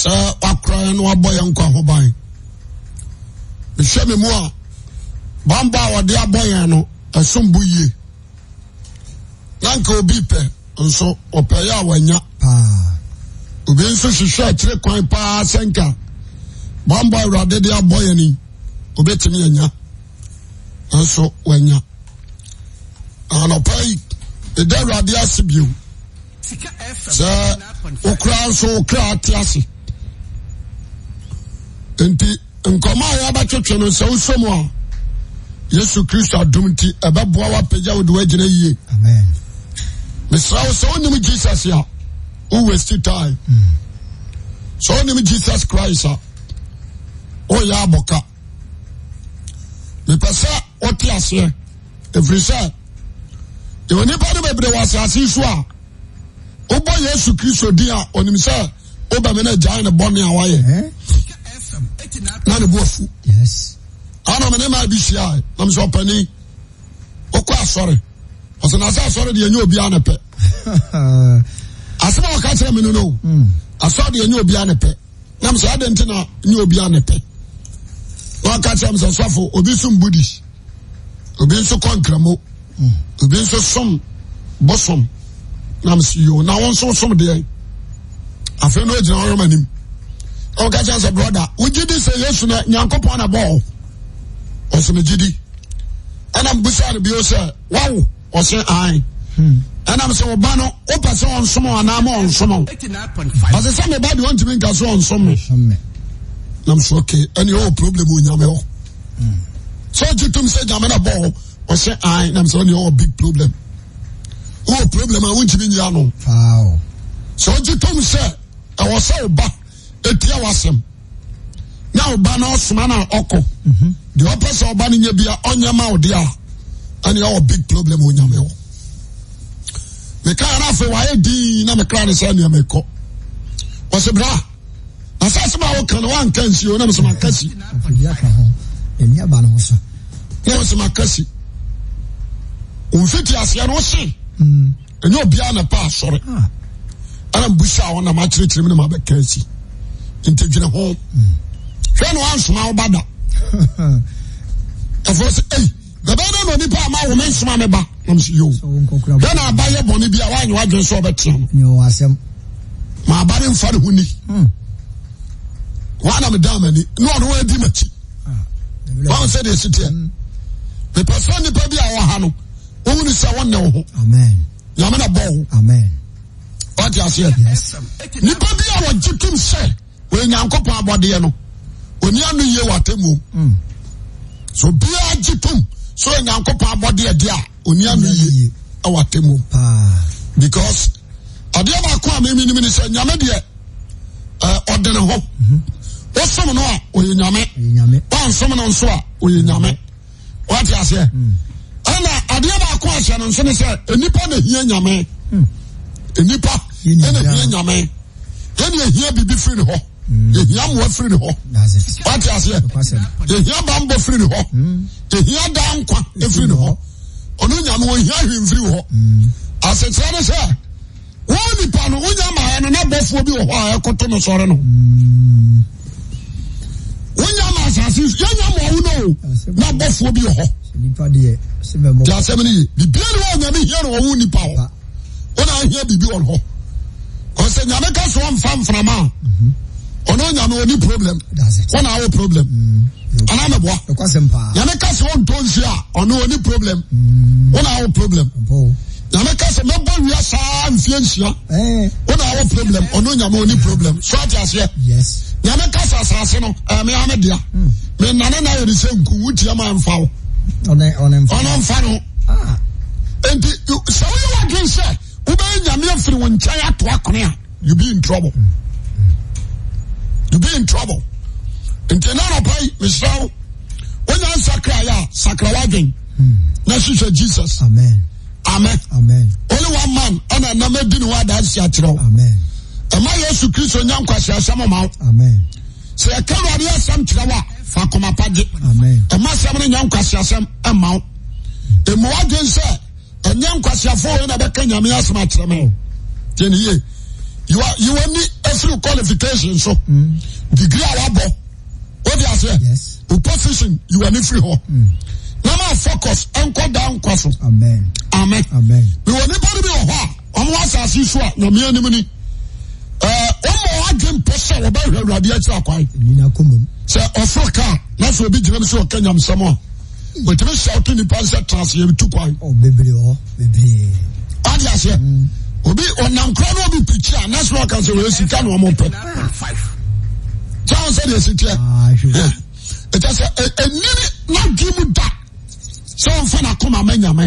sɛ wakora no wabɔ yɛn nkɔ ho ban mehwɛ mu a bamba a wɔde abɔ yɛn no ɛsom bo yie na nka obi pɛ nso ɔpɛyɛ a wanya ah. obi nso hwehwɛ akyire kwan paa sɛ nka bamba awurade de abɔ yɛn ni obɛtumi anya nso wanya anɔpa yi ɛda awurade ase bio sɛ wokora nso wokra ate ase nti nkɔmɔ a yɛabɛtwetwe no sɛ wosom a yesu kristo adom nti ɛbɛboa woapagya wode woagyina yie mesrɛ wo sɛ wonim jesus a wowasti time hmm. sɛ wonim jesus christ a woyɛ abɔka mepɛ sɛ wote aseɛ ɛfiri sɛ yɛwɔ nnipa no bebree wɔ asase so a wobɔ yesu kristo din a ɔnim sɛ wobɛme no agyae ne bɔne a woayɛ na ne boafu ana mene ma bi hyia na mesɛ ɔpani wokɔ asɔre ɔsɛ na sɛ asɔre deɛ ɛnyɛ obiaa ne pɛ asɛm a wɔka kyerɛ me no no hmm. asɔre deɛ ɛnyɛ obiaa ne pɛ na mesɛ adɛ nti na ɛnyɛ obiaa ne pɛ na wɔka kyerɛ me sɛ sɔfo obi som buddhist obi nso kɔ nkramo hmm. obi nso som bosom na mesɛ yo na wo nso som deɛ afei na ogyina wɔyɔm anim Ou ka chan non. ah, oh. se brother Ou jidi se yon sune, nyan kopo an a bo ou O sune jidi An am busa di bi o se Waw ou, o sen ay An am se oban ou, ou pa se on sumon An am ou on sumon A se se me badi wan jimin ka su on sumon Nanm se okey, an yon ou problem ou nyanme ou Se ou jitou mse janme an a bo ou O sen ay, nanm se an yon ou big problem Ou problem an winti bin jan ou Se ou jitou mse A wase oba ɛtia wasɛm na ɔba no ɔsoma no ɔkɔ deɛ ɔpɛ sɛ ɔba no nya bia ɔnyɛ ma a ɛne ɛwɔ big problem onyame wɔ mekaa no afei wayɛ e dii na mekra ne sɛ nneɛma ɛkɔ ɔsɛ bra na sɛ asɛm a woka no woanka nsi o na mesɛ maka si na mesɛ maka si ɔmfiti aseɛ no wose ɛnyɛ mm. obiaa na pa asɔre ɛna ah. mbusa a wɔnam akyerɛkyerɛ mu ne mabɛka si nti dwene ho hwɛ na wansoma wo ba da ɛfo sɛ ei bɛbɛɛ dɛ na onipa ama wo me nsoma me ba nam so yo hwɛ na aba yɛ bɔne bi a woanyɛ woadwene sɛ wobɛtea no ma aba ne mfa ne ho ni hmm. wana meda mani ah, ne ɔne woadi makyi wahu sɛ deɛ siteɛ hmm. mepɛ sɛ nnipa bi a wɔha no wohunu sɛ wonne wo ho nyame na bɔ wo ɔte aseɛ nnipa bi a wɔgye tom sɛ wei nyankopɔn abɔdeɛ no oni ano yie watemu hmm. so biara gye tom so nyankopɔn abɔdeɛ deɛ a oni ano yie watemu because adeɛ baako a mimi nim ne sɛ nyame deɛ eh, ɔdene hɔ mhm. wosom no a ɔyɛ nyame wansom no nso a ɔyɛ mhm. nyame wate aseɛ hmm. ɛna adeɛ baako ahyɛ no nso ne sɛ nnipa na hia nyame hmm. nnipa ɛna hia nyame ɛna hia biribi firi hɔ Mm. yehia mmoa firi ne hɔ wate aseɛ yehia bambɔ firi ne hɔ yehia daa nkwa firi ne hɔ mm. ɔno nyame wɔhia hwemfiri hɔ mm. asekyerɛ ne sɛ wɔn nipa no wonya maayɛ no na bɔfoɔ bi wɔ hɔ a ɛkoto no sɔre no wonya ma asase yɛnya ma ɔwo no o na bɔfoɔ bi wɔ hɔ nti asɛm no ye bibia ne wɔ nyame hia no wɔwo nipa hɔ wona ahia biribi wɔ hɔ ɔsɛ nyame ka soɔ mfa mframa mhm ɔno nyame oni problem wọn awo problem ana mɛ bɔ nyame kasa o don si a ɔno oni problem wọn awo problem nyame kasa mɛ bɔ wia saa nfiɛ nsia wọn awo problem ɔno nyame oni problem so ati aseɛ nyame kasa asase no ɛmi ame dia mɛ nane na yɛ de sɛ nkun wutia ma nfa o ɔno nfa no ah. nti sɛ woyɛ wa dun sɛ wobɛyɛ nyame afiri wo nkyɛn ato akone a you be in trouble. Mm. you be in trouble nti nana pai mesra wo wonya nsakra yɛ sakra wadwen hmm. na hyehyɛ jesus amen amen amen only one man ɛna nam adi ne ho adanse akyerɛ wo amen ɛma yesu kristo nya nkwaseasɛm ma wo amen sɛ yɛka awurade asɛm kyerɛ wo a fa akoma pa gye ɛma asɛm no nya nkwaseasɛm ɛma wo ɛmu wadwen sɛ ɛnyɛ nkwaseafoɔ wei na bɛka nyame asɛm akyerɛ me tiɛne oh. yie You are yiwa ni every qualification so hmm. degree a oh, What they say? Yes. o oh, position you yiwa free firi hɔ nama focus and da down so amen Amen. Amen. yiwa nipa ni bi wɔ hɔ a wɔn asase so a nyame anim ni ɛɛ wɔn mɔ adwin pɔsɛ wɔn bɛ hwɛ awurade akyi akwan sɛ ɔforo kaa n'afɔ obi gyina mi sɛ ɔka Kenya a wotumi sɛ ɔto nipa the transi yɛ bi tu kwan. ɔ bebree wɔ bebree. adi ase obi ɔnam kura na obi pikyi a next one kan sɛ wɔyɛ sika na wɔn pɛ tí a sɛ deɛ si tiɛ ɛkyɛ sɛ ɛnini n'adu mu da sɛ wɔn fa na kɔma mɛ nyame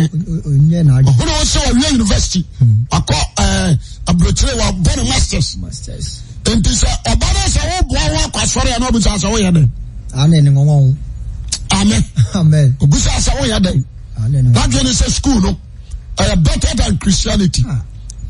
ɔhuna wɔn sɛ wɔwia university hmm. akɔ ɛɛ eh, aburokyire wa bɔ ne masters nti sɛ ɔba náà sɛ wɔn bu awon akɔ asɔre yɛ n'obi sɛ asɛ wɔyɛ dɛ. amen ni ŋɔŋɔn. amen amen obi sɛ asɛ wɔyɛ dɛ. amen n'adu yɛ ni sɛ school no ɛyɛ better than christianity. Ah.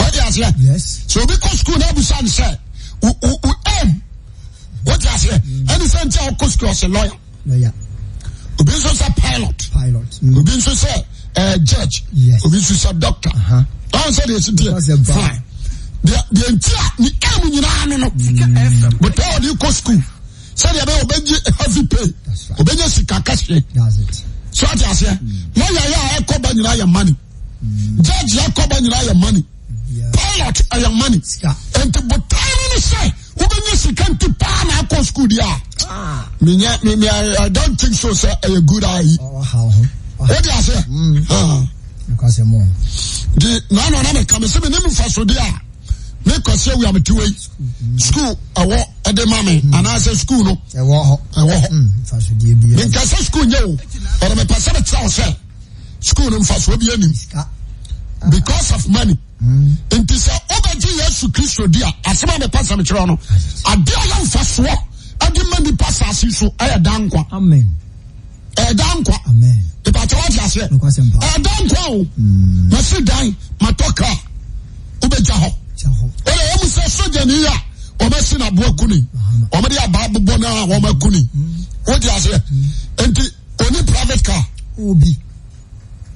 What do you Yes. So because school never son say, who What do you say? Any sense of school was a lawyer. Lawyer. Obi nso sɛ pilot. Pilot. Mm. Obi nso sɛ ɛɛ eh, judge. Yes. Obi nso sɛ doctor. Báwo uh-huh. sɛ de this diɛ? Fine. The deɛ nti a ni aim nyinaa ni no. Bùtẹ́ ọ̀dí kó school. Sẹ́ni ẹ̀bẹ̀ ọ̀bẹ jí heavy pay. Ọ̀bẹ mm. yẹ sika kẹ́sì. So what àṣẹ. Lọ́yà yà ẹ̀kọ́ bá nyinaa yẹ money. Mm. Judge yà ẹ̀kọ́ bá money pilot ɛyɛ money nti botaani ni sɛ wobɛnya sika nti paa na akɔ school di a menyɛ ah. me me I don't think so sɛ ɛyɛ good ayi wodi ase di naanu ɔna mi ka mi sɛ mi me mi fa so di a mi kɔ we ewia mi ti wei school ɛwɔ ɛdi ma mi say school no I ɛwɔ hɔ ɛwɔ hɔ mi nka sɛ school nye o ɔrɔ mi pɛ sɛ mi kyerɛ o sɛ school no nfa so bi because of money. nti sɛ wobɛgye yesu kristo di a asɛm a mɛpa no ade a yɛmfa soɔ ade ma nipa saase so ɛyɛ da nkwa ɛyɛ da nkwa ìbàtà wà ti ɛyɛ da nkwa o yɛsi mm. dan matɔ kaa wobɛgya hɔ ɛyɛ wɔn sɛ sogya ni yia wɔmɛsi na kuni abaa bobɔ mm. mm. nti private car.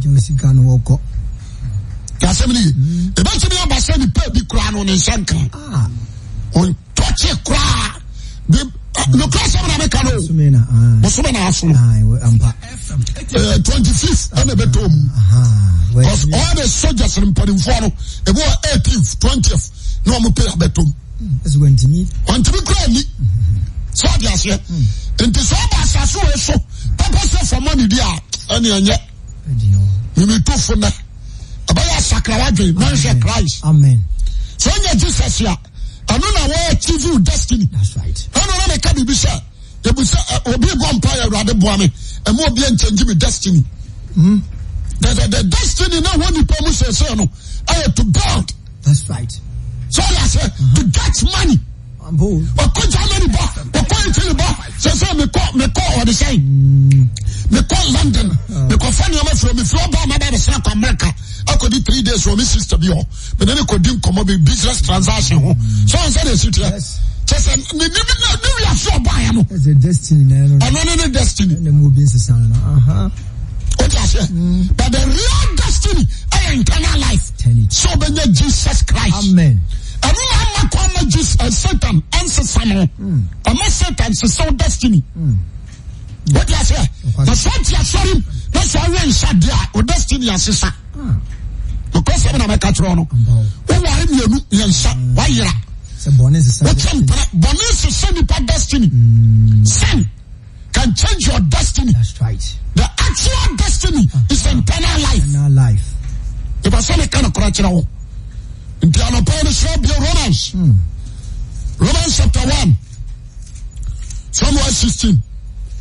gye osika no wɔkɔ yasɛm ni hmm. ebɛtumi aba sɛ nipa bi kura no ne nsa nka ah. ntɔkye kura bi eh, nukura sɛm na meka no bosome na ah. aso no twenty fifth ɛna ɛbɛtɔ mu cause all the soldiers mpanimfoɔ no ebi wɔ eighteenth twentieth na wɔn pe abɛtɔ mu ntumi kura ni sɛ ɔdi aseɛ nti sɛ ɔba asase wɔ so papa sɛ fɔmɔ nidi a ɛni ɛnyɛ. mimito na ɛbɛyɛ asakrawa Man, nanhwɛ christ amen sɛ wonya jesus a ɛno na wɔachieve wo destiny ɛno na meka biribi sɛ ebi obi bɔ mpa yɛ awurade eh, boa me ɛma obi nkyɛngye me destiny the, hmm? the, the destiny na wɔ nipa mu sɛsɛ no ɛyɛ eh, to god That's right. so yɛ sɛ uh-huh. to get money ɔkɔ germany ba ɔkɔ italy ba sɛ sɛ mekɔ mekɔ ɔde sɛn mekɔ london mekɔfa nneɛma firi mefiri ɔba ma bɛbɛ sena kɔ america akɔdi three days wɔ me sister bi hɔ mene ne kɔdi nkɔmmɔ bi business transaction ho so ɔn sɛ de asi teɛ kyɛ sɛ ne nibi na ne wi afi ɔbaeɛ no know, ne ne destiny wote aseɛ mm. but the real destiny is internal life sɛ ɔbɛnya jesus christ amen ɛno na man, kɔ jesus eh, satan ɛnsesa I ɔma mm. satan So destiny mm wọ́n ti ase pẹ̀sẹ̀ ti asọ́rin pẹ̀sẹ̀ ọ̀rẹ́ nsàdé a ọ̀dẹ́ steve yà sísá ọkọ sẹ́mi nà mẹ́ka kyerẹ́ ọ̀nà wọ́n wà á mìíràn Why nsà wà á yẹra wọ́n ti mpẹrẹ bọ̀nẹ́ sísá nípa destiny sin can change your destiny That's right. the actual destiny uh -huh. is internal life If I ìbáṣẹ́ mi kàn kúrẹ́ kyerẹ́ wọ́n nti anapa yẹn sọ bi Romans Romans chapter one Psalm 16.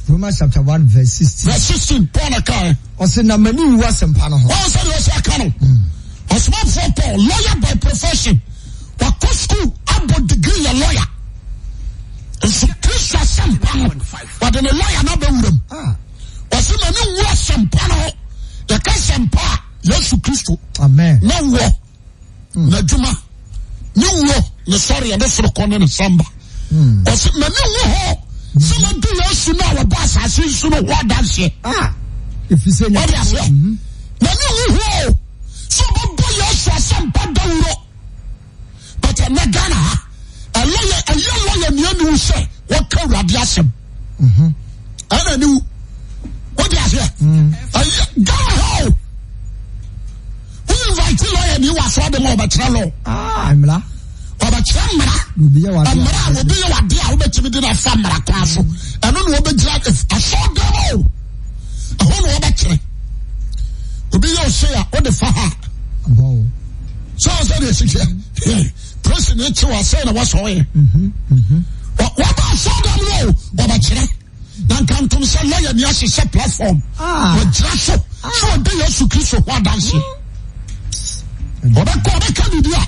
lye hmm. by proession scol ay layerstssmsmpa yesu kristo ne wduma ne wo ne srne sorokon sban sọlá bí yẹsu náà wọ bá asase nso no wọ adanseɛ. efisɛ nyɛ wọ́n ah, yà mm-hmm. sẹ́ nani huhu o sọ bá bọ́ yẹsu asampa dawuro pàtẹ ní Ghana ha ɛlɔyɛ ɛyɛ lɔyɛ mienu sɛ wɔka awurade asɛm ɛna ni wu wọ́n yà sẹ́ ɛyɛ Ghana ha o wọ́n invite lɔyɛ ni wà sọ́ de ma ọ̀bẹ̀ kyerɛ lọ. Ah, ɔbɛkyerɛ mmara mmara a obi yɛ wade a wobɛtumi de no afa mmara koraa so ɛno na wɔbɛgyina e-, asɔdan o ɛhɔ na wɔbɛkyerɛ obi yɛ ose a wode fa ha sɛ ɔsɛ de asikyɛ presi ne kye wɔasɛ na wɔsɔɔyɛ mhm, mhm. wɔba asɔdan no o ɔbɛkyerɛ na nkantom sɛ lɔyɛ ne ahyehyɛ platform ah. wɔgyina so ah. sɛ wɔde yesu kristo ho adanseɛ mm. ɔbɛkɔ ɔbɛka biribi a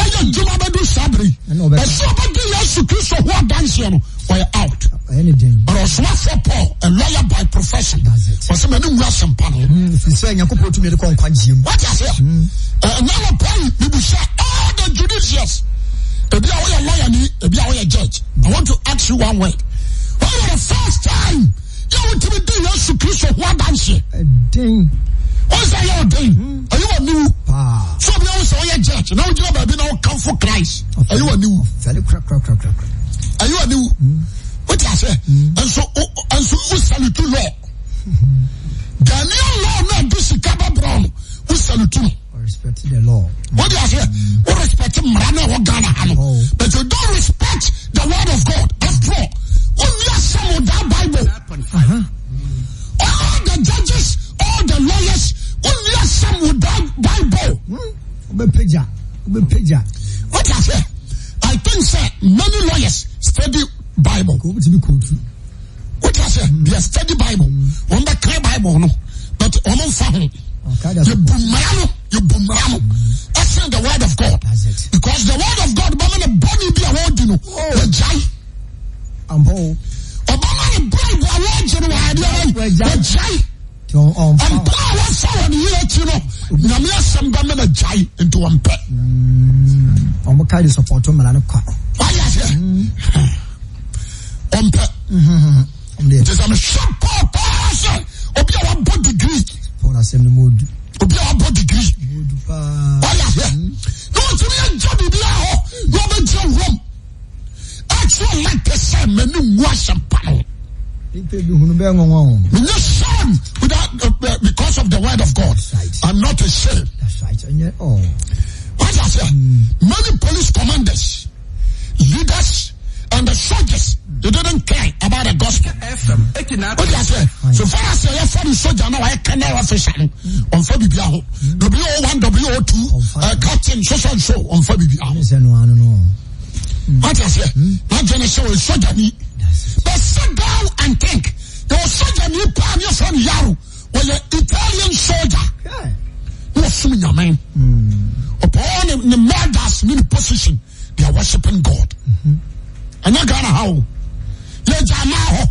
ɛyɛ adwuma bɛdu saa bere ɛsɛ ɔbɛdi yesu kristo ho adanseɛ no ɔyɛ out ɔrɔ ɔsomafoɔ paul a lawyer by profession ɔsɛ mɛ ne nwu asɛmpa no ɛfisɛ nyankopɔn tumi de kɔ nkwa gyeɛ mu wate aseɛ ɛnyɛ no paul mebisa all the judicious ebi a woyɛ lawyer ni ebi a judge i want to ask you one word when was the first time yẹ wò tìmí di Yesu Kristo hu adansi. ẹdín. wọn sọ yẹ ọdín hmm. ẹyẹ wà niwu. fún mi àwọn sọ ọ yẹ jẹj náà wọn gyina baabi náà wọn kàn fún Christ ẹyẹ wà niwu. ẹyẹ wà niwu. wọ́n hmm. ti àṣẹ hmm. ẹnso o de ase so far as ɛyɛ fɔri soja na wɔyɛ kɛnɛ ɔfisa no ɔnfɔ bibi aho wo one wo two ɛɛ captain soso nso ɔnfɔ bibi aho o de ase n'ajɛ ne sɛ o soja ni but sit down and think na o soja ni paa ni efra ni yaro o yɛ Italian soja ne o sum nyame ɔpɔ ne ne murders ne ne position they are worshiping God ɛnyɛ Ghana ha o yɛ gya naa hɔ.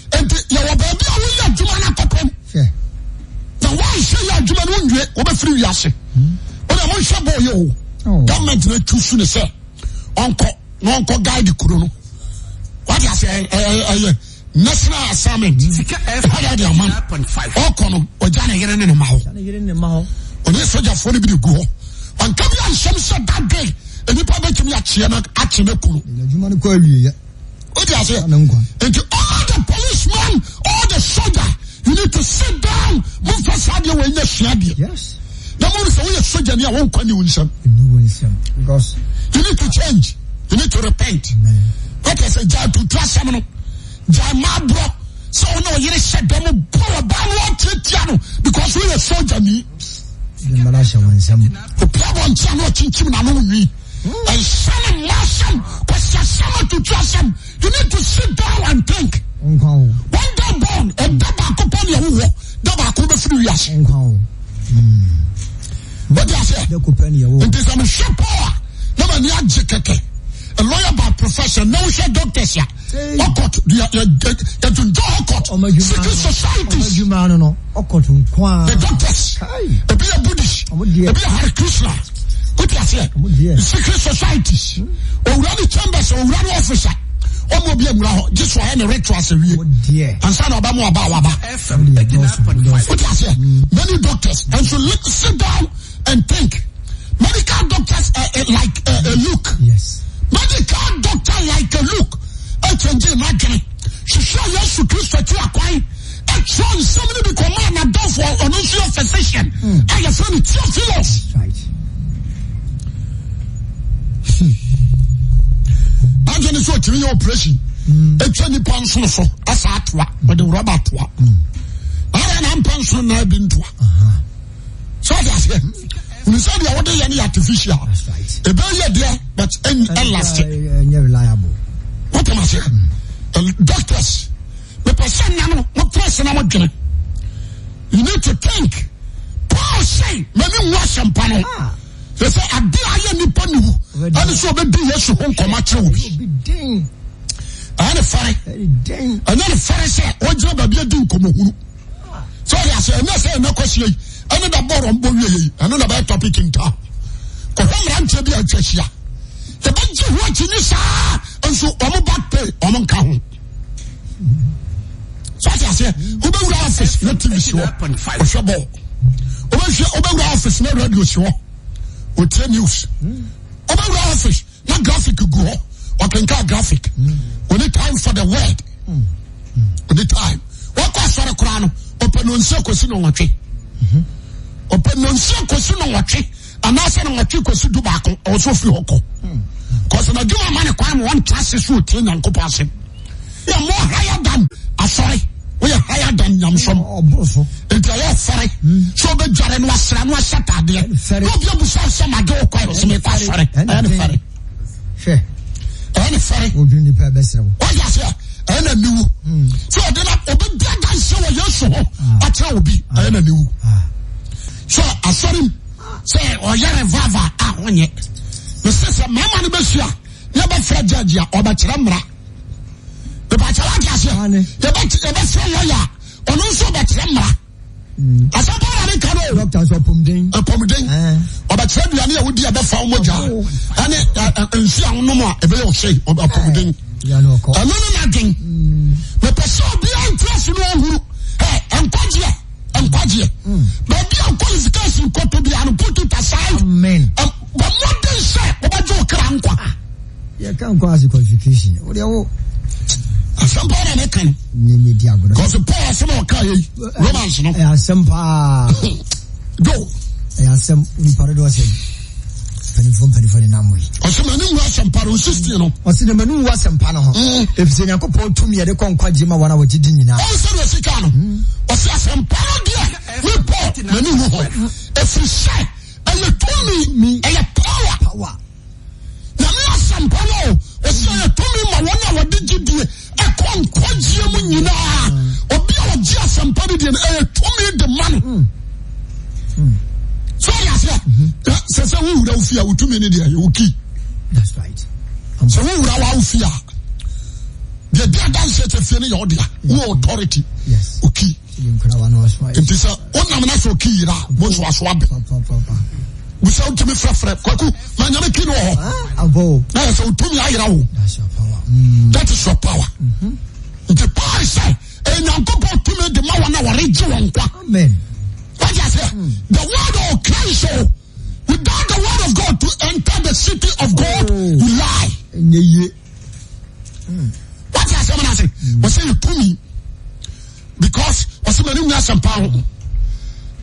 nti yɛwɔ baabi a woyɛ adwuma no akɔtɔm na woanhyɛ yɛ adwuma no wonwie wobɛfiri wiase wode monhyɛ bɔɔyɛ o government no atwu su ne sɛ ɔnkɔ na ɔnkɔ guide kuro no wade asɛ ɛyɛ national assignment ɛfadade ama no ɔkɔ no ɔgya ne yere ne ne ma hɔ ɔne sogyafoɔ no bi de gu hɔ ɔnka bi anhyɛm sɛ da day nnipa bɛtumi akyeɛ no akye no kuro ase. asɛ nti ɔ soldier, you need to sit down. Move first have your way in the Yes. The moment say we are soldier, you won't come in some. Because you need to change. You need to repent. Like I said, Jai to trust someone. Jai my bro. So no, you need to them Pull a bad one to Tiano because we are soldier. Opiabo nkyɛn na ɔkyinkyin na ano nwi nsɛm mmasɛm ɔsiasɛm atutuasɛm you need to sit down and think When one day born ɛda baako pɔ ne ɛwowɔ da baako bɛfiri wiase wode aseɛ nti sɛ mehwɛ paw a na mani agye JKK. a lawyer by profession na wohwɛ doctors a ɔkɔt yɛdwondwa ɔkɔt civil societies the doctors ebi yɛ buddhist ebi yɛ hare krishna wote aseɛ oh, secret societies hmm? owura ne chambers owura ne officer ɔmo bi ewura hɔ gye so ɔyɛ ne rituals awie ansa na ɔba mu ɔba waba wote oh, aseɛ hmm. many doctors and so sit down and think medical doctors uh, uh, like uh, eh, uh, Luke yes. medical doctor like a uh, Luke ɛkyɛngye ma dwene hwehwɛ yesu kristo akyi akwan ɛkyerɛ nsɛm no bi kɔmaa nadɔfoɔ ɔno nso yɛ physician ɛyɛfrɛ no theophilos right adwene sɛ ɔtumi yɛ operation ɛtwa hmm. nipa nsono so asa atoa ɔde rɔba atoa hmm. ara na mpa nsono na bi ntoa sɛ ɔde aseɛ ne sɛ deɛ wode yɛ no yɛ artificial ɛbɛyɛ deɛ but ɛlast wotam aseɛ doctors mepɛ sɛ nna no motena se na modwene you need to think paul sɛ mani wo asɛmpa no ah. ɛsɛ ade ayɛ nipa ne wu ɛne sɛ ɔbɛdi yesu ho nkɔma kyerɛ wo bi ɛyɛ ne fare ɛnyɛ ne fare sɛ ɔgyina baabi adi nkɔmmɔhunu ah. sɛ ɔde asɛ ɛnyɛ sɛ ɛnɛ kɔhyia yi ɛne da bɔɔrɔ mbɔ wie yei ɛno na bɛyɛ topic ntaa kɔhwɛ mmeranteɛ bi atwa ahyia yɛbɛgye ho akyinyi saa nso ɔmo back pay ɔmo nka ho sɛ ɔde asɛ wobɛwura office na tv si hɔ ɔhwɛ bɔɔl wobɛwura office na radio si wotie news ɔbɛwura hmm. office na graphic gu hɔ ɔkenka graphic oni hmm. time for the word oni hmm. time wakɔ asɔre koraa no ɔpɛ nonsia kɔsi na ɔwɔtwe ɔpɛ nonsia kɔsi na ɔwɔtwe anaasɛ na ɔwɔtwe kɔsi du baako ɔwɔsɔ fi hɔ kɔ kɔsi na diwa ma ne kwan mu wɔn tra se so otie nyankopɔ asɛm yɛ mɔ higher than asɔre. hdyase eses e v esse maman esua efra jjaere ìbàjẹ́ wa di aseɛ yɛbɛ sɛ lɔya ɔno nso bɛkyerɛ mmara asɛmpa na ne ka no apɔmuden ɔbɛkyerɛ aduane a wodi ɛbɛfa wo mogya ɛne nsu a wonom a ɛbɛyɛ ɔhyɛ apɔmuden ɛno no nadwen mepɛ sɛ obiaa ntra so no ahuru ɛnkwagyeɛ nkwagyeɛ baabi a qualification kɔtɔ bia no pokita saa bɔmmɔden sɛ wobɛgye wo kra nkwa yɛka nkɔ ase qualification wodeɛ wo asɛm paa na meka no bcause paul asɛm a ɔka yɛi romans no ɛyɛ asɛm paa go ɛyɛ asɛm nipa dodoɔ sɛ mpanimfoɔ mpanimfoɔ ne nam yi ɔsɛ mane wu asɛmpa no sixteen no ɔsɛ na mane wu asɛmpa no ho ɛfisɛ nyankopɔn tumi yɛde kɔ nkwagye ma wɔn a wɔgye di nyinaa ɔn sɛdeɛ sika no ɔsɛ asɛmpa no deɛ ne paul mane wu hɔ ɛfiri sɛ ɛyɛ tumi ɛyɛ power nyame asɛmpa no ɛsɛ yɛ tumi ma wɔn a wɔde gye die ɛkɔ nkɔgyeɛ mu nyinaa obi a ɔgye asɛmpa bi deɛ no ɛyɛ tumi de ma no hmm. Hmm. so yɛ aseɛ mm-hmm. sɛ sɛ wowura wo fie a wotumi no deɛ yɛwo ki um, sɛ wowura wo awo fie a deɛ di adanseɛ kyɛ fie no yɛ wodea wo authority oki nti sɛ wonam na sɛ oki yera mo nsoasoa bɛ busa wotumi frɛfrɛ kwaku ma nyame ki ne wɔ hɔ ah, na yɛ sɛ wotumi ayera wo that mm. is your power mm-hmm. nti paul sɛ ɛnyankopɔn tumi de ma wɔn a wɔregye wɔn nkwa wagya sɛ mm. the word of Christ o oh, without the word of God to enter the city of God you oh. lie wagya sɛ mo na sɛ wɔsɛ yɛ tumi because wɔsɛ mani nyɛ asɛmpa ho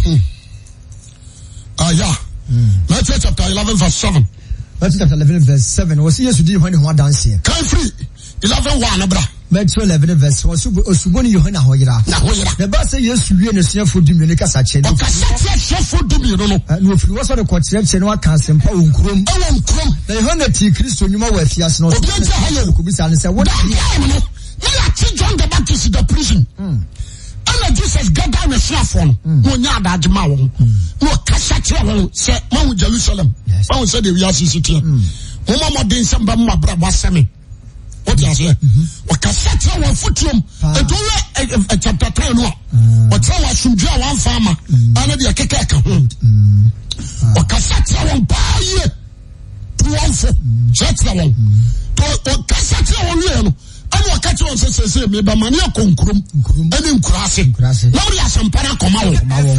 Hmm. Ah, hmm. Matthew chapter eleven verse seven. Matthew chapter eleven verse seven. 7. Wɔsi Yesu di Yohane ho adanseɛ. Kan firi 11 wa anabra. Matthew eleven verse 1. Osuboni Yohane ho yira. Na ho yira. Na baasa Yesu wie ne suafo dumienu ne kasa kyerɛ. Ɔkasa kyerɛ suafo dumienu no. Na ofiri wɔsɔ de kɔkyerɛ kyerɛ na waka asɛmpa wɔ nkurom. Ɛwɔ nkurom. Na Yohane ti Kristo nnwuma wɔ afiase no. Obi agye ha yɛ. Obi sa ne sɛ wɔn. Daa daa mu no, ne yɛ akyi John the Baptist the prison. Mm na jesus gada nasuafoɔ no mm. na ɔnya adagye ma wɔn mm. na ɔkasa kyerɛ wɔn sɛ mahu jerusalem mahu sɛ deɛ wiase si teɛ moma mm. mɔden sɛ mbɛ mma brɛ bɔasɛme wote aseɛ mm-hmm. ɔkasa kyerɛ wɔn fotuom ɛnti wowɛ e, e, e, chapter ten no a ɔkyerɛ wɔ asomdwe a wɔamfa ama ana deɛ ɛkeka ɛka ho ɔkasa kyerɛ wɔn paa yie to wɔmfo kyerɛ kyerɛ wɔn ɔkasa kyerɛ wɔn wieɛ no ɛne ɔka kyerɛ wɔn sɛ sɛsɛ meba ma ne akɔ nkurom ɛne nkuraase na wode asɛmpa no akɔma wɔ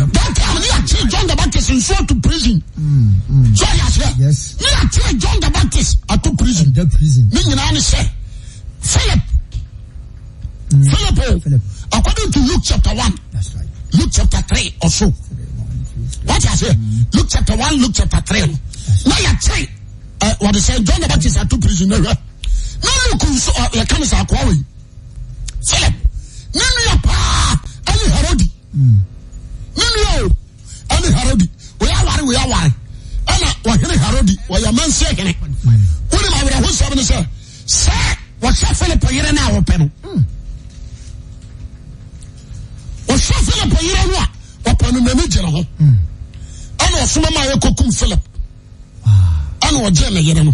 dɔnka ne akyere john the baptist nso to prison so yɛaseɛ ne akyere john the baptist ato prison ne nyinaa ne sɛ philip mm. philip o according to luke chapter 1 luke chapter 3 or so wọ́n luke chapter one luke chapter three no na yà kyerè eh, ẹ wọ́n ti john the baptist ato prison náà rẹ. enkamske philip men paa anhard nadwr nerad yamansee we wehoss se se hilip yer e sa hilip yera open namierho nesomamaya koku philip neojemeyereo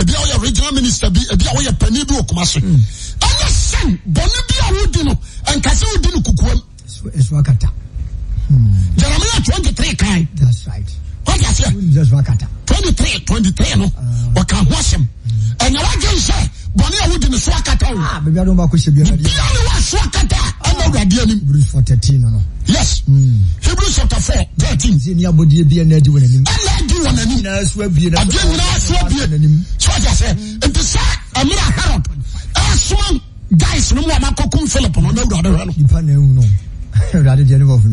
ebi a woyɛ regional minister bi ebi a woyɛ panyin bi wɔ Kumasi hmm. ɛna sɛn bɔnni bi a wodi no nkasi wodi no kukuam. Hmm. Jeremiah twenty three kan. That's right wọ́n ti àṣeyẹ. twenty three twenty three no ọ̀ka ho asem ẹ̀yẹ wá jẹ́ nsẹ́ bọ̀nẹ́ àwọn di ni sọ akata o. bíbí àdó máa kó ṣe bí ẹni. bíbí àdó wà sọ akata ẹnna ah. ọ̀dọ̀ adìyẹ ni. Hebrews four thirteen nọ. yes hmm. Hebrews chapter four thirteen. ṣe ni abodie bi ẹnna ẹdi wọn anim. ẹnna ẹdi wọn anim. nyinaa sọ abie na. adìyẹ nyinaa sọ abie hmm. sọ ọjà sẹ nti sẹ ẹmira Herod ẹ sọ guys ni mu a ma kọ kún Philip ọ̀nà ọ̀dọ̀ adìyẹ nù. nípa náà ń wù nù ọ̀dọ̀ adìyẹ nù bọ̀ fún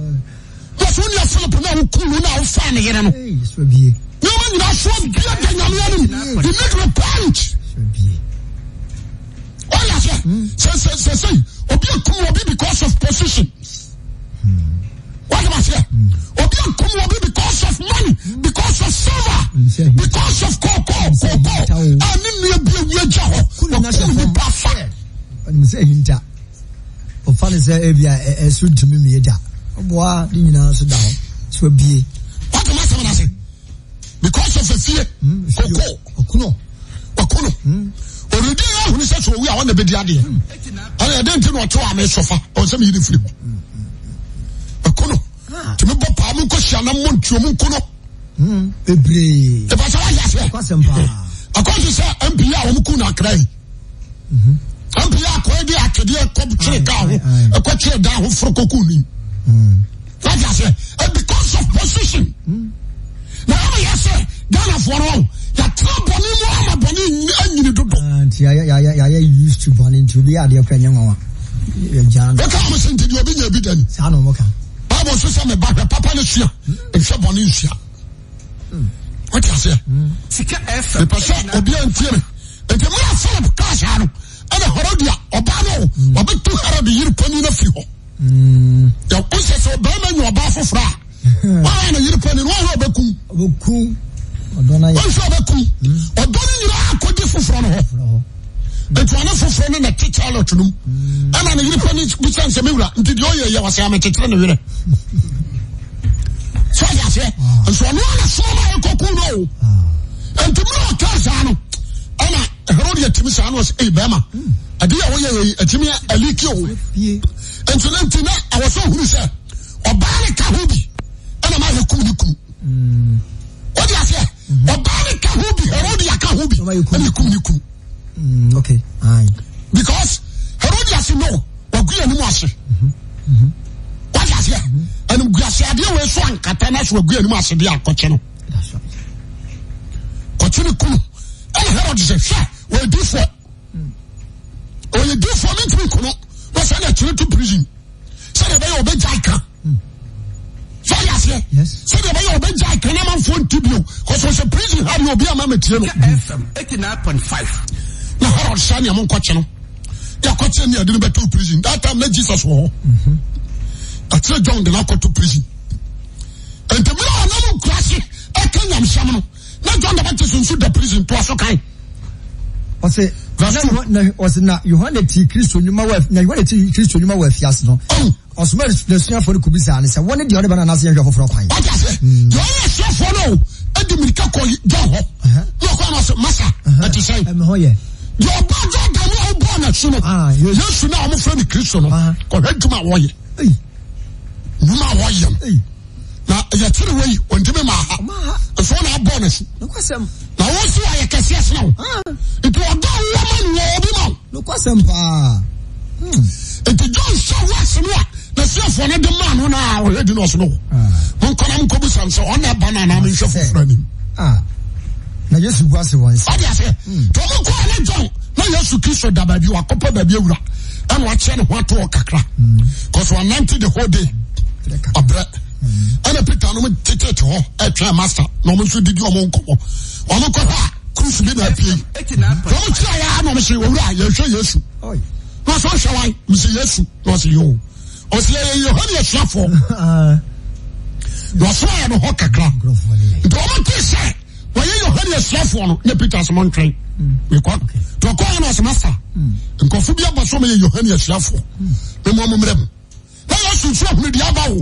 sonia philip na wokunu na wofa ne yere no ne nyina bia da nyame you make obi akum obi because of position wadebaseɛ obi akum obi because of money because of silver because of kɔkɔɔ a ne nnua ho. awi agya hɔ wɔkum nipa fa ɔnim sɛ hinta ɔfa ebia ntumi boa ne nyinaa nso da hɔ so abie wate ma sɛm nase because of afie hmm, koko ɔkono ɔkono ɔredi hmm. yɛ ahunu sɛ so owi a wɔna bɛdi adeɛ ɛna hmm. ɛdɛ nti na ɔte wɔ ame sɔfa ɔnsɛ mi yi ne firi hɔ ɔkono tumi bɔ paa mu nkɔ hyia na mu ntuo mu nkono bebree ìbáṣẹ wa yà sẹ akɔnso sɛ mpa a wɔn kun na akra yi mpa akɔyɛ de akadeɛ kɔ kyerɛ kaa ho ɛkɔ kyerɛ daa ho foro koko ni. wọ́n ti àṣẹ because of position Now wọ́n mi yẹ Ghana for all. yàtọ̀ bọ̀ni mu ama bọ̀ni ẹ̀yìn dodo. nti yàyẹ used to bọ̀ni nti obi adiẹ kọ ẹ̀ nyẹ́ wọn wa. wọ́n ká àwọn sèǹtì di obi nyẹ ebi dẹ́ni. sáà nà ọmọ kan. báwo sọ sọ mi bá hwẹ pápá ni sua nfẹ bọ̀ni nsua. wọ́n ti àṣẹ. sika ẹ fẹ́. ìpèsè obi à ń tiẹ̀ mi nti mi yà fọlọ̀ káàsì àná ẹnna họrọ̀ di a ọba náà ọbẹ̀ tó họrọ̀ di yiri pẹ́ni náà fi hàn wosɛ sɛ ɔbarima nya ɔba foforɔ a waa na yere hmm. pani ah. no wahɛ ɔbɛkum ɔhwɛ ɔbɛkum ɔdɔ no nyinaa akɔgye foforɔ no hɔ nti ɔne foforɔ no na te charlotte nom ɛna ne yere pani bisa nsɛm awura nti deɛ ɔyɛ yɛ wɔsɛ amekyekyere ne werɛ sɛ ɔde aseɛ nso ɔno ana soɔ ma yɛkɔku no o nti mmerɛ ɔkaa saa no ɛna herode atimi saa no ɔsɛ ei eh, bɛrima ɛdeɛ hmm. a woyɛ atimi aliki o nti na awɔ sɛ sɛ ɔbaa ne ka bi ɛna maa yɛ kum ne kum mm. o de aseɛ mm-hmm. ɔbaa ne ka bi herodia ka bi ɛna yɛ kum ne mm, kum. because herodia se no wagu yɛ nimu ase o de aseɛ ɛnum gu ase adeɛ wo esu ankata na so wagu yɛ nimu ase de akɔkye no kɔkye ne kum ɛna herod sɛ hwɛ wɔyɛ difoɔ mm. wɔyɛ difoɔ ne ntumi kunu. na hmm. sani to prison sani ɛbɛyɛ ɔbɛ gya ika sani aseɛ sani ɛbɛyɛ ɔbɛ gya ika na ma nti bio prison ha obi a ma ma no. na hɔrɔ sani nkɔkye no to prison that time na jesus wɔ hɔ akyire john de na to prison ntɛmira a ɔnam nkura se nyamsɛm no na john de ba sunsun de prison to aso kan. ɔsɛ. na yohane ti kristo nyuma wa na yohane ti kristo nyuma wa afiase no ɔsoma nasuafoɔ no kubi saa ne sɛ wɔne deɛ ɔde ba no anaasɛ yɛhwɛ foforɔ kwan ɔte ase deɛ ɔyɛ asuafoɔ no ɛde mirika kɔ john hɔ ne ɔkɔ ana sɛ masa ɛte sɛn ɛmɛ hɔ yɛ deɛ ɔba john da mu a ɔbɔɔ n'akyi no yesu no a wɔmofrɛ no kristo no kɔhwɛ dwuma a wɔyɛ dwuma a wɔyɛ no na yɛkyere wei ɔntimi ma ha ɛsɛ wo na abɔɔ n'akyi ɔwɔ so ayɛ kɛseɛ sena wo nti ɔdɔ woma ne wɔ obi ma wo nokwasɛm paa nti john sɛ wase no a nasuafoɔ no de maa no na ɔyɛ di no ɔso no wo monkɔna mkɔbu sam sɛ ɔna ba no anaa menhwɛ foforɔ anim na yesu gu ase wɔn nsa. ɔdi ase to ɔmo kɔ ɔne jɔn na yesu kristo da baabi wa kɔpɔ baabi ewura ɛna ɔkyɛ ne ho ato wɔ kakra hmm. kɔsɔ ɔnante the whole day ɔbrɛ. ɛna peter nom tetete hɔ ɛtwɛ master na ɔmo nso didi ɔmo nkɔmɔ ɔmo kɔ hɔ a kurusu bi na apie ɔmo kyerɛ yɛ na ɔmo hyɛ owura yɛhwɛ yesu na ɔsɛ ɔhwɛ wa misi yesu na ɔsɛ yɛ o ɔsɛ yɛ yohane asuafoɔ na ɔsɛ ɔyɛ no hɔ kakra nti ɔmo ti sɛ wɔyɛ yohane asuafoɔ no ne peter asomɔ ntwɛn ekɔ to ɔkɔ yɛ na ɔsɛ master nkɔfo bi abɔ so ɔmo yɛ yohane asuafoɔ na mo ɔmo mmerɛ mu na yɛ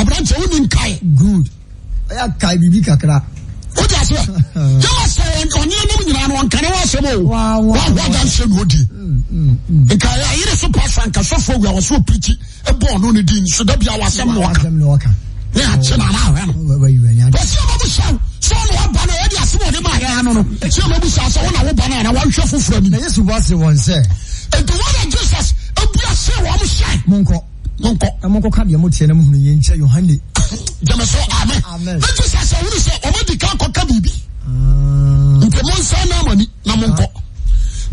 aberante wo mm, mm, mm. ni nkae. good ɛyà kae Bibi kakra. o ti ase yɛ ma sɛ ɔne ɛnum nyinaa no ɔnkane wɔ asɛm o wɔahoa adanseɛ na odi nkae a yere so pa so anka sɔfo wia so opirikyi ɛbɔ ɔno ne din so da bia wasɛm na wɔka ne akye na ana ahwɛ no wɔsi ɔma bu sɛ sɛ ɔne waba no ɛde asɛm ɔde ma ayɛa no no sɛ ɔma bu sɛ sɛ wona woba no ana wahwɛ foforɔ ani na yesu bɔ ase wɔn sɛ ɛnti wɔn na jesus abua sɛ wɔn nkɔ. ɛmu kɔ kadeɛ mu tiɛ ne mu hunu yɛn nkyɛn yohane. jɛmɛsɔ amen. bɛtu sase awuri sɛ ɔmɔ di kan ka biribi. Ah. nka mo nsa na nkɔ.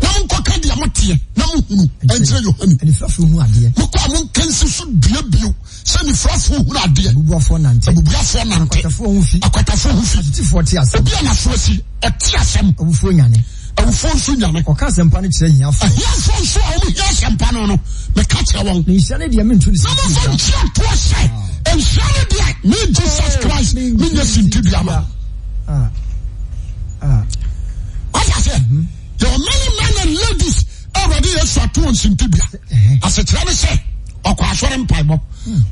na nkɔ kadeɛ mu tiɛ na mo hunu ɛnkyɛn yohane. anifurafo hu adeɛ. mo kɔ a mo nkɛnsi so bie bie sɛ anifurafo hu adeɛ. abubuafo nante. abubuafo nante. akwatafo hu fi. akwatafo hu fi. atutufoɔ ti asɛm. obi anafo si ɛti asɛm. abufuo nyane ahemfo nso nyame. ɔka asɛmpa no kyerɛ hiafo. ahiafo nso a wɔn hiɛ asɛmpa no no mɛka kyerɛ wɔn. na nhyia ne deɛ mi ntu ne sɛ. n'ama fɔ nkyia to ɔsɛ nhyia ne deɛ mi jesus christ mi nyɛ sinti bi ama. ɔfɔ sɛ yɛ ɔmɛni men and ladies a wɔde yɛ sɔ to wɔn sinti bia asekyerɛ ne sɛ ɔkɔ asɔre mpaebɔ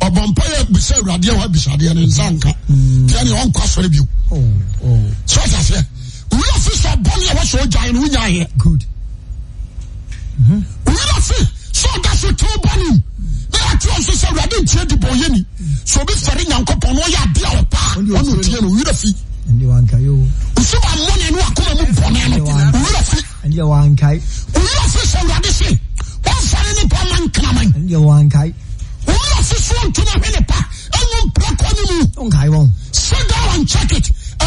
ɔbɔ mpaeɛ bisa awuradeɛ wɔ abisadeɛ ne nsa nka deɛ ne ɔnkɔ asɔre bio sɛ ɔfɔ sɛ wúlò sí sọ bọ́ ní ẹ̀wọ́ sọ ọjà yẹn wúnyà yẹ. wúlò sí sọ ọ̀dà sọ tí ó bọ́ ní ní àti ọ̀sọ̀ sọ ọ̀rọ̀ adé ntiẹ̀ dìbò yé ni sọ bí fẹ̀rẹ̀ nyankopọ̀ ní ọ̀yà àbí àwọn pa ọ̀nà òtí ẹnu wúlò sí. òsì wà mọ́ ní ẹnu àkọ́mọ̀ mú bọ̀ ní ẹnu wúlò sí. wúlò sí sọ ọ̀rọ̀ adé sè wọ́n fẹ́rẹ̀ nípa ọmọ nkàmẹ́ wúlò sí sọ ọ̀tún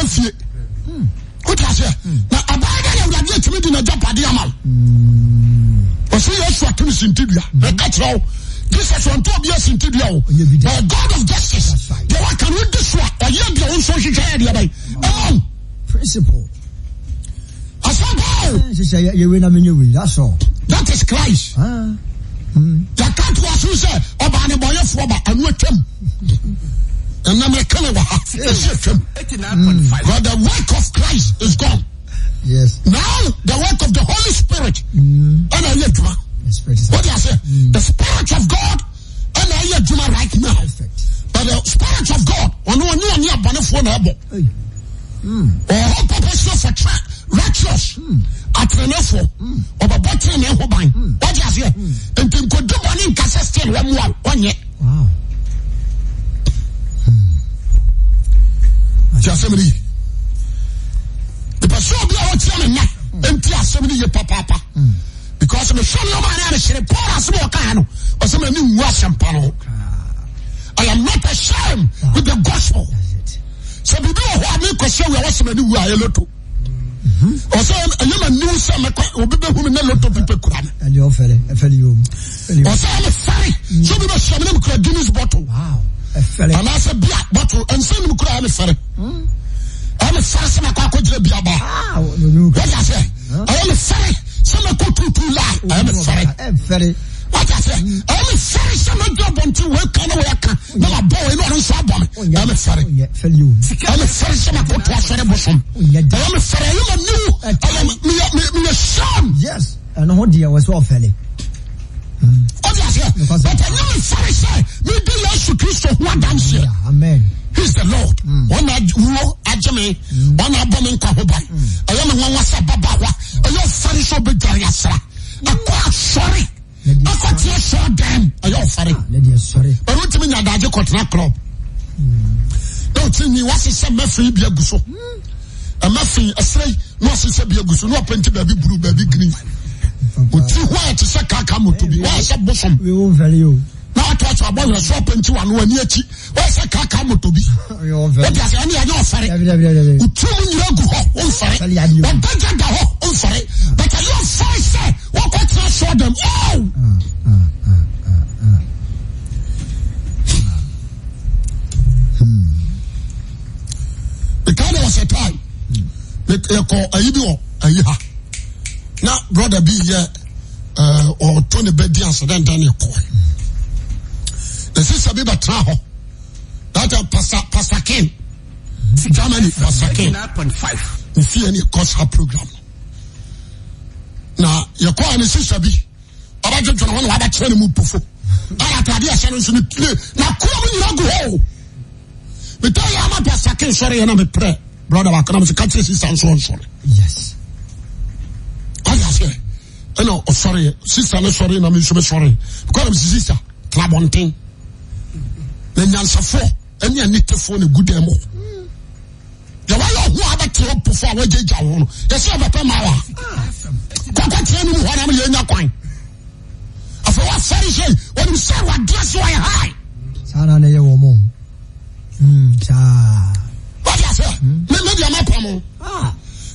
sɛ fie wotasɛ na abaa da yɛ awurade atumi di nagya ama wo ɔsɛ yɛsu atom sintidua ɛka kyerɛ wo jesus wɔnto obi asintidua wo god of justice deɛ waka no wodi so ɔyɛ deɛ wo nso hwehwɛ yɛ deɛ bɛn ɛma principle eh, That is Christ. Ah. Mm. Yàtọ̀ àti wàásù sẹ́, ọba ànibọ̀yẹ̀fọ̀ ọba ànú ẹ̀tẹ̀m. And I'm ha ɛsi ɛtwam but the work of Christ is gone yes now the work of the Holy Spirit ɛna ɛyɛ adwuma wɔde ase the Spirit of God ɛna ɛyɛ adwuma right now Perfect. but the Spirit of God ɔno ɔne ɔne abɔnefoɔ na ɛbɔ ɔhɔ purpose for track righteous atrenefoɔ ɔbɛbɔ trene ho ban wɔde aseɛ nti nkodu bɔne nkasɛ still wɔmmoa wɔnyɛ ti asɛm ni ìpèsè obi a wɔkyerɛ mi nna nti asɛm ni papaapa because mehwɛ ni ɔmo anan ahyere paul asɛm ɔkaa no ɔsɛm ani nwu asɛmpa no I am not ashamed with the gospel So, biribi wɔ hɔ a mi kɔsɛ wia wɔsɛm ani nwu ayɛ loto ɔsɛ ɛyɛ ma niw sɛ mɛkɔ obi bɛ humi ne loto pipe kura mi Ose, ɛmi fari sɛ obi bɛ hyɛ mi ne mi kura guinness bottle. anaasɛ bia bato ɛnsɛn nim kura ɛne fɛre ɛne fɛre sɛ makɔ akɔgyina bia ba wagya sɛ ɛyɛ ne fɛre sɛ makɔ tutu la ɛyɛ ne fɛre wagya sɛ ɛyɛ ne fɛre sɛ magyina bɔnten wei ka ne wei ka na wabɔ wei ne ɔno nso abɔ me ɛyɛ ne fɛre ɛyɛ ne fɛre sɛ makɔ to asɔre bosom ɛyɛ ne fɛre ɛyɛ ma niw ɛyɛ meyɛ sam ɛno ho deɛ wɔ sɛ ɔfɛre Obviously, but I know Pharisee, maybe Jesus Christ who adams here. Amen. He's the Lord. One who ajame, one abomin kahoba. I am one was a babawa. I am Pharisee be jariasra. I call sorry. I call you show them. I am sorry. But what mean that you caught that club? Don't think me was a mafia be a guso. A mafia, a slay, no, she's a be a guso, no, baby blue, baby green. otiri hɔ a ti sɛ kaka moto bi wɔyɛ sɛ bosom na wato aso abɔ yɛrɛ sɔ pɛnti wa no ani akyi wɔyɛ sɛ kaka moto bi wɔdi ase ɛni ɛni ɔfɛre otiri mu nyinaa gu hɔ ɔnfɛre ɔbɛgya da hɔ ɔnfɛre bɛtɛ yɛ ɔfɛre sɛ wɔkɔ tena sɔ dɛm ɔɔ. Because there was a time, yɛkɔ ayi bi wɔ ayi ha. na brother bi yɛ ɛɛ eh, ɔtɔ ne bɛ di asɛdɛn dan ne kɔ na sisa bi bɛ tena hɔ data pasa pasa kin germany pasa kin nfi yɛ ne kɔsa program na yɛ kɔ ne sisa bi ɔba dwodwo ne ho na waba kyerɛ ne mu pofo ara the. ahyɛ no nso ne tule na kura mu nyina gu hɔ metɔ yɛ ama pasa kin sɔre yɛ na meprɛ brother baako na mesɛ ka kyerɛ sisa nso Sorry. yes ɛna ɔsɔre sista ne sɔre na mi nso mi sɔre because mi si sista tena abɔnten na nyansafo ɛne ani tefo na egu dɛm hɔ yɛ wɔyɛ ɔho a bɛtena ɔpofo a wɔgye gya wɔn no yɛsɛ ɔbɛpɛ maa wa kɔkɔ tena ne mu hɔ na mi yɛ nya kwan afɛ wɔsɔre sɛ wɔnim sɛ wɔadrɛ so wɔyɛ hae saa na ne yɛ wɔn Hmm. saa wɔde asɛ ne ne deɛ ma pam o.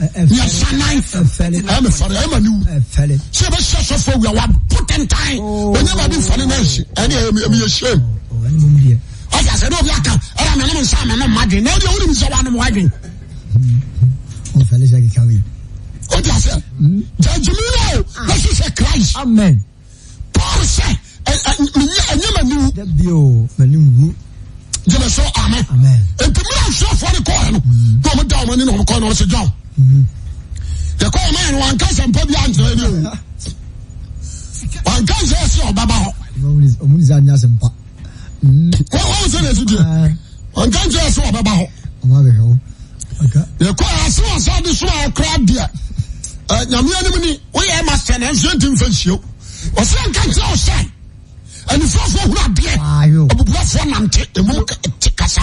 yasa nine ɛyɛ mi fari ɛyɛ ma ni wu sɛ bɛ sɛ sɔfo wia wa bu tɛntɛn onye ma bi nfani na nsi ɛni ɛyɛ mi yɛ se ɔfɛ sɛ n'obi aka ɛyɛ mi ni mi nsa mi ni ma dwen n'obi ɛwuli mi sɛ wa ni mu wa dwen. o ti a sɛ jɛjumuni o lɔsi sɛ christ paul sɛ ɛnyɛ ma ni wu jɛnɛ sɔ amen ntumu yɛ nsɔ fɔ ni kɔɔ yɛ no n'o mu da o ma ni n'o mu kɔɔ yɛ no o sɛ jɔn yɛkɔ ɔma yɛn wanka sɛmpa bi ankyerɛ ni o wanka sɛ ɛsɛ ɔbaba hɔ ɔmu ni sɛ anya sɛmpa wɔn sɛ n'asi deɛ wanka sɛ ɛsɛ ɔbaba hɔ yɛkɔ ase wɔ sɛ ɔde so a ɔkora deɛ nyame anim ni woyɛ ɛma sɛ na nsuo ntim fɛ nhyio ɔsɛ nka kyerɛ ɔhyɛ ɛnifurafoɔ huru adeɛ ɔbubuafoɔ nante ɛmu kasa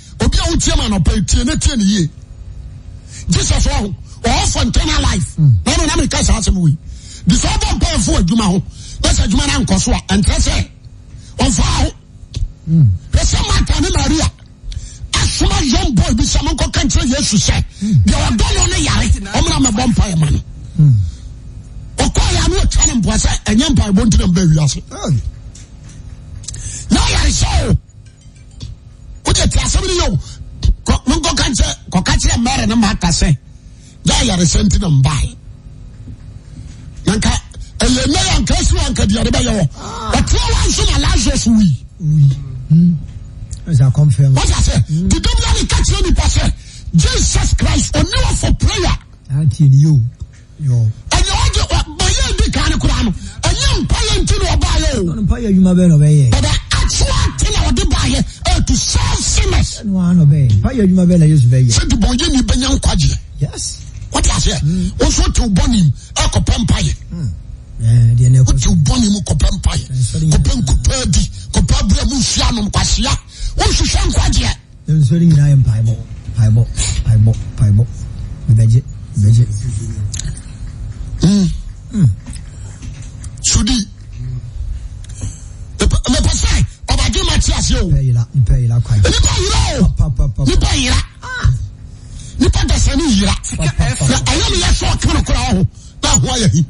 wo tie ma anɔpa tie ne tie ne yie jesus wɔ ho ɔwɔ for internal life na ɔno nam nka saa asɛm wei de sɛ ɔbɔ mpanyɛfo adwuma ho na sɛ adwuma no ankɔ so a ɛntrɛ sɛ ɔmfa ho hwɛ sɛ mata ne maria asoma young boy bi sɛ monkɔka nkyerɛ yesu sɛ deɛ ɔdɔ no no yare ɔmena mɛbɔ mpayɛ ma no ɔkɔ yɛ ne ɔtwa no mpoa sɛ ɛnyɛ mpaebɔ nti na mbɛ wiase na ɔyare sɛ o wogye te asɛm no yɛ o kɔka kyerɛ mary ne maaka sɛ gya yaresɛ nti na mbae nanka ɛyɛ nɛ anka bɛyɛ wɔ ah. wa nso na dídọ́m yà nípa Jesus Christ òní wà for prayer. ẹ̀yẹ ọjọ́ bẹ̀yẹ̀ di no ẹ̀yẹ mpa yẹn ti ni o. mpa yẹ adwuma ɔde baayɛ ɛ to serve sinners. ɛnu wa anɔ na yesu bɛyɛ. sɛ dubɔ yɛ ni bɛnya nkwagye. yes. wɔde aseɛ mm. wɔn so te bɔ nin ɛkɔ pɛ mpayɛ. Mm. wɔte bɔ nin mu kɔ pɛ mpayɛ kɔ pɛ nkupɛ adi kɔ pɛ abira mu nsia nom kwasia wɔn hyehyɛ nkwagyeɛ. nsori nyinaa yɛ mpaebɔ mpaebɔ mpaebɔ mpaebɔ bɛgye bɛgye. Mm. sudi. ase o nipa yira o nipa yira nipa ni yira na ɛyɛ mi yɛ sɔ ɔho na ayɛ hi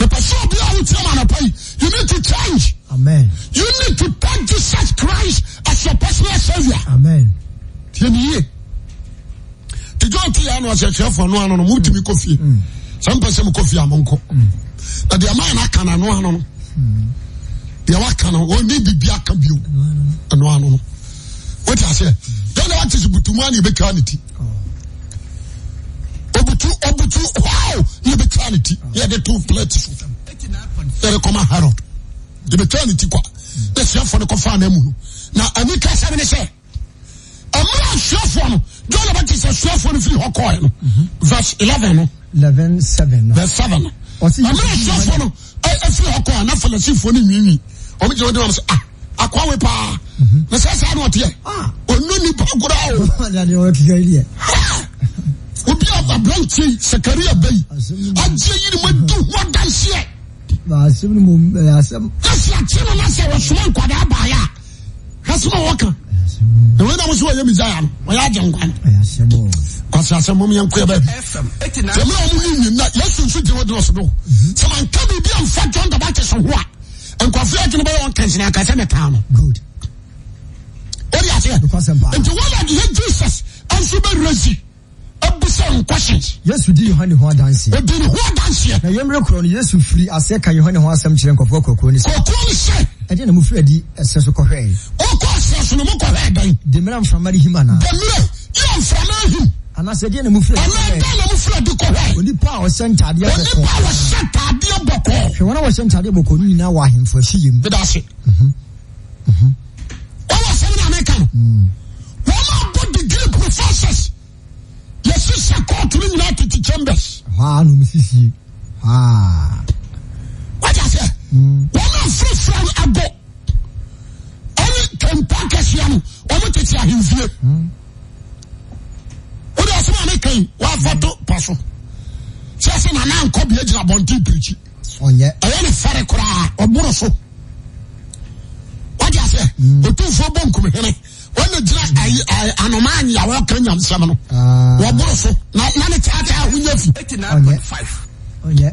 nipa sɛ obi a wotia ma yi you need to change amen you need to Christ as your personal saviour amen tiɛ ni ti nù ànú mu kọfì mu kọfì àmú nkọ na deɛ ànú no. deɛ waka no wɔne biribi aka bio ɛno ano no wote aseɛ yɛ na wate so butumu a ne yɛbɛtwa ne ti obutu obutu wow yɛbɛtwa ne ti yɛde to plate so yɛde kɔma harod yɛbɛtwa ne ti kwa ne suafoɔ no kɔfa no mu no na ani ka sɛm ne sɛ ɛmmerɛ asuafoɔ no john the baptist asuafoɔ no firi hɔ kɔɛ no verse eleven no eleven seven verse seven ɛmmerɛ asuafoɔ no ɛfiri hɔ kɔɛ na falasifoɔ no nwiinwii ɔmo gyina wɔn sɛ ah akɔwe paa na sɛ saa na ɔteɛ ɔno nipa agorɔ awo obi a aberanteɛ sakaria bɛyi agye yi ni mo di ho adanseɛ yasi akyi no na sɛ wɔsoma nkwadaa baayɛ a hwɛ soma wɔka ɛwɔ na mo so wɔyɛ misaya no wɔyɛ agye nkwan kwasi asɛm mo yɛn koyɛ baabi tɛmɛ a wɔn mu yi nyina yɛsu nso gyina wɔde wɔ so do sɛ wɔn nka biribi a nfa jɔn daba kyɛ so ho a nkɔfo atwene bɛyɛ ɔnkansini akasɛ ne taa no good wode aseɛ nti wɔyɛ de yɛ jesus nso bɛrɛsi abisa nkɔhyens yesu di yohane ho adanseɛ ɔdi ne ho adanseɛ na yɛmmerɛ korɔ no yesu firi aseɛ ka yohane ho asɛm kyerɛ nkɔfoɔ kɔkɔɔ ne sɛ kɔkɔɔ ne sɛ ɛdeɛ na mofiri adi ɛsɛ so kɔhwɛe ɔkɔ asɛ so no mokɔhwɛɛ dɛn de mmerɛ mframa no him anaa yɛ mframa ahim anase deɛ na mu fira ɛnɛ deɛ na mu fira di kɔ hɔ onipa a ɔhyɛ ntaadeɛ bɔkɔ onipa a ɔhyɛ ntaadeɛ bɔkɔ hwɛ wɔn a wɔhyɛ ntaadeɛ bɔkɔ ne nyinaa wɔ ahemfo asi yɛ mu deda ase wɔn wɔ sɛm na mɛka no wɔn a bɔ degree professors yɛsi sɛ kɔɔto no nyinaa tete chambers haa nom sisie haa wɔgya sɛ wɔn a firifira no abɔ ɛne kɛmpa kɛseɛ no wɔn tete ahemfie ne kai wafoto pa so sɛ sɛ nana nkɔbea gyina bɔnten pirikyi ɛyɛ ne fɛre koraa ɔboro so wagya sɛ ɔtumfoɔ mm. bɔ nkumhene wọn gyina mm. anoma anyia wọn kan yam nsɛm no ah. wɔboro so na ne taataa ho nya fi. eighty nine point five. wọn yɛ.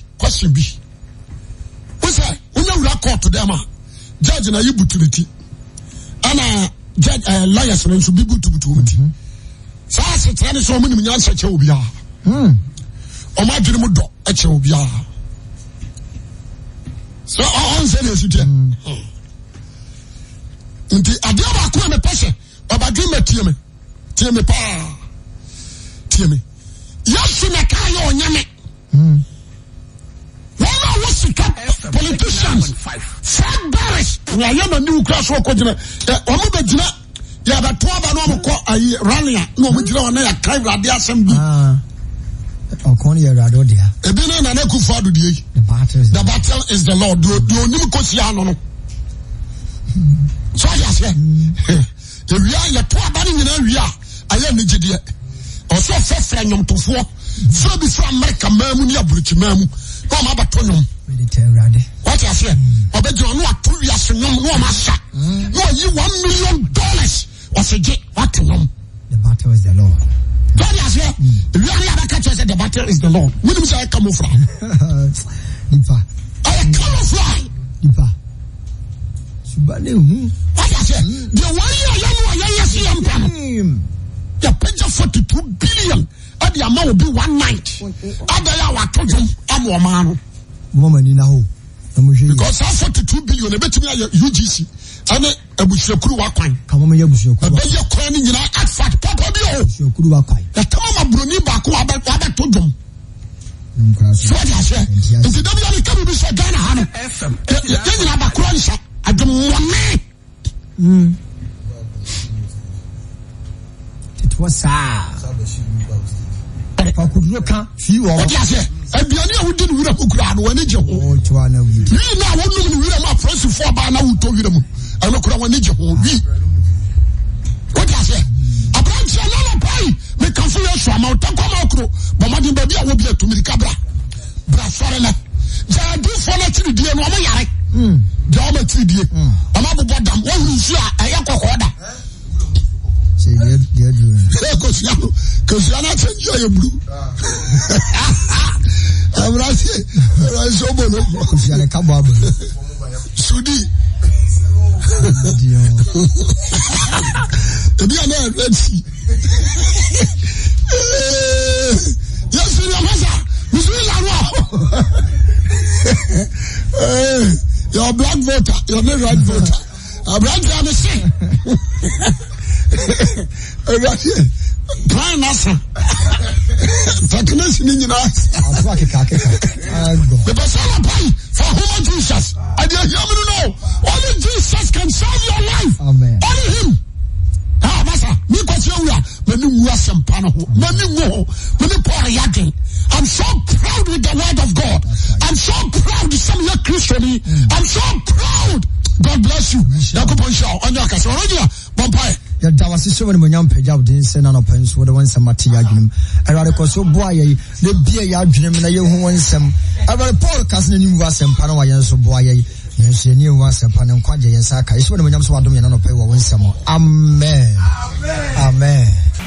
question bi wosɛ wonyɛ wura court dɛm ma. judge na yi butu ne ti ɛna judge ɛɛ eh, lawyers no nso bi butu butu wɔn ti saa asetere ne sɛ ɔmo nim nyansa kyɛ obiara mm. ɔmo adwene mu dɔ ɛkyɛ obiara sɛ ɔnsɛ na esi tiɛ mm. hmm. nti adeɛ baako a mepɛ sɛ ɔbadwe ma tie me tie me paa tie me yasu na kaa yɛ ɔnyame. Mm sika politicians fat barris wọn yẹ na ni ukura so ọkọ gyina ẹ ọmọ bẹ gyina yàbẹtọ ọba náà ọmọ kọ ayi rania na ọmọ gyina wọn náà yà ká ìwúrọ adé asẹm bi. Ah. ọkàn yẹ ìwúrọ adé ọdẹ a. ebi náà nana kú fún adùn yìí the battle is the lord di onim kò si àná no so ayé aseɛ ewia yɛtɔ aba ne nyinaa wia ayɛ ne gyedeɛ ɔsɛ fɛfɛ nyomtofoɔ fɛ bi fɛ amerika maa mu ne aburukyi maa mu na ɔma abɛtɔ nyom wọ́n ti àfẹ́ ọbẹ̀ jẹ́ ọ̀nù àtú yasọ̀ nyọ́m ní ọ̀ma ṣá hmm. ní ọ̀yí one million dollars ọ̀sẹ̀jẹ̀ wà ti nyọ́m. the battle is the lord. wọ́n ti àfẹ́ ìwé àwọn yàrá kàtí ọ̀sẹ̀ the battle is the lord wọ́n ti sọ ẹ̀ kàmúfra. nípa. ọ̀yẹ̀ kàmúfra. nípa. ṣùgbọ́n ní ìhun. wọ́n ti àfẹ́ the one yẹ ọ̀yẹ́ mu ọ̀yẹ́ yẹ sí yẹn pa. yẹ pẹ́jà forty two billion ẹ̀ di àmà òbí one night. adàyà wà tó jẹun ẹ̀ mú ọ̀ma nù mọmọ ani na ho na mo hwɛ yie. because saa forty two billion ebetumi ayɛ ugc ɛne abusuakuru wa kwan. ka mɔmɔ yɛ abusuakuru wa kwan. ɛbɛyɛ kwan ne nyinaa advert papa bi o. abusuakuru wa kwan. yàtọ̀ ma buroni baako wa bɛ to dùn. sọ́jà sẹ́ nti dábìá ni kábí bi sọ ghana ha no yẹ nyina bakoro nsa adumuni. tètè wọ sáà ɔkuburo ka fii wɔ. ɔdi ase aduane a wodi ni wura mu kura ano wani gye ho. ɔtɔ ana wi. wii na wɔn nom ni wura mu afuransifoɔ ɔbaa na wotɔ wura mu ɛno kura wani gye ho wii. ɔdi ase aberanteɛ nana paayi mekanfo yɛ so ama ɔtɛ kɔma okuro bɔnmɔden baabi a wobi atumi ka bra bra sɔre na jaadinfoɔ n'akyiri die no ɔmo yare. deɛ ɔmo akyiri die. abusua na change yɛ blue abirante ah. abirante ɔbɔ no abusua ne ka bɔ abɔ sudi ebi a naa red sea yasi ni amasa musu yi lanu a your black voter your red voter abirante a ni nsɛm ate yɛ adwene awurade kɔ so boa yɛ na bie yɛ adwene na yɛhu wɔ nsɛm awurade paul kase no anim wɔ asɛmpa no wayɛ nso boa yɛ yɛnso yɛni wɔ asɛmpa no nkwagye yɛn nsa aka yɛsɛ wɔ ne sɛ wadom yɛn nanɔpɛ wɔ wo nsɛm amen amen, amen.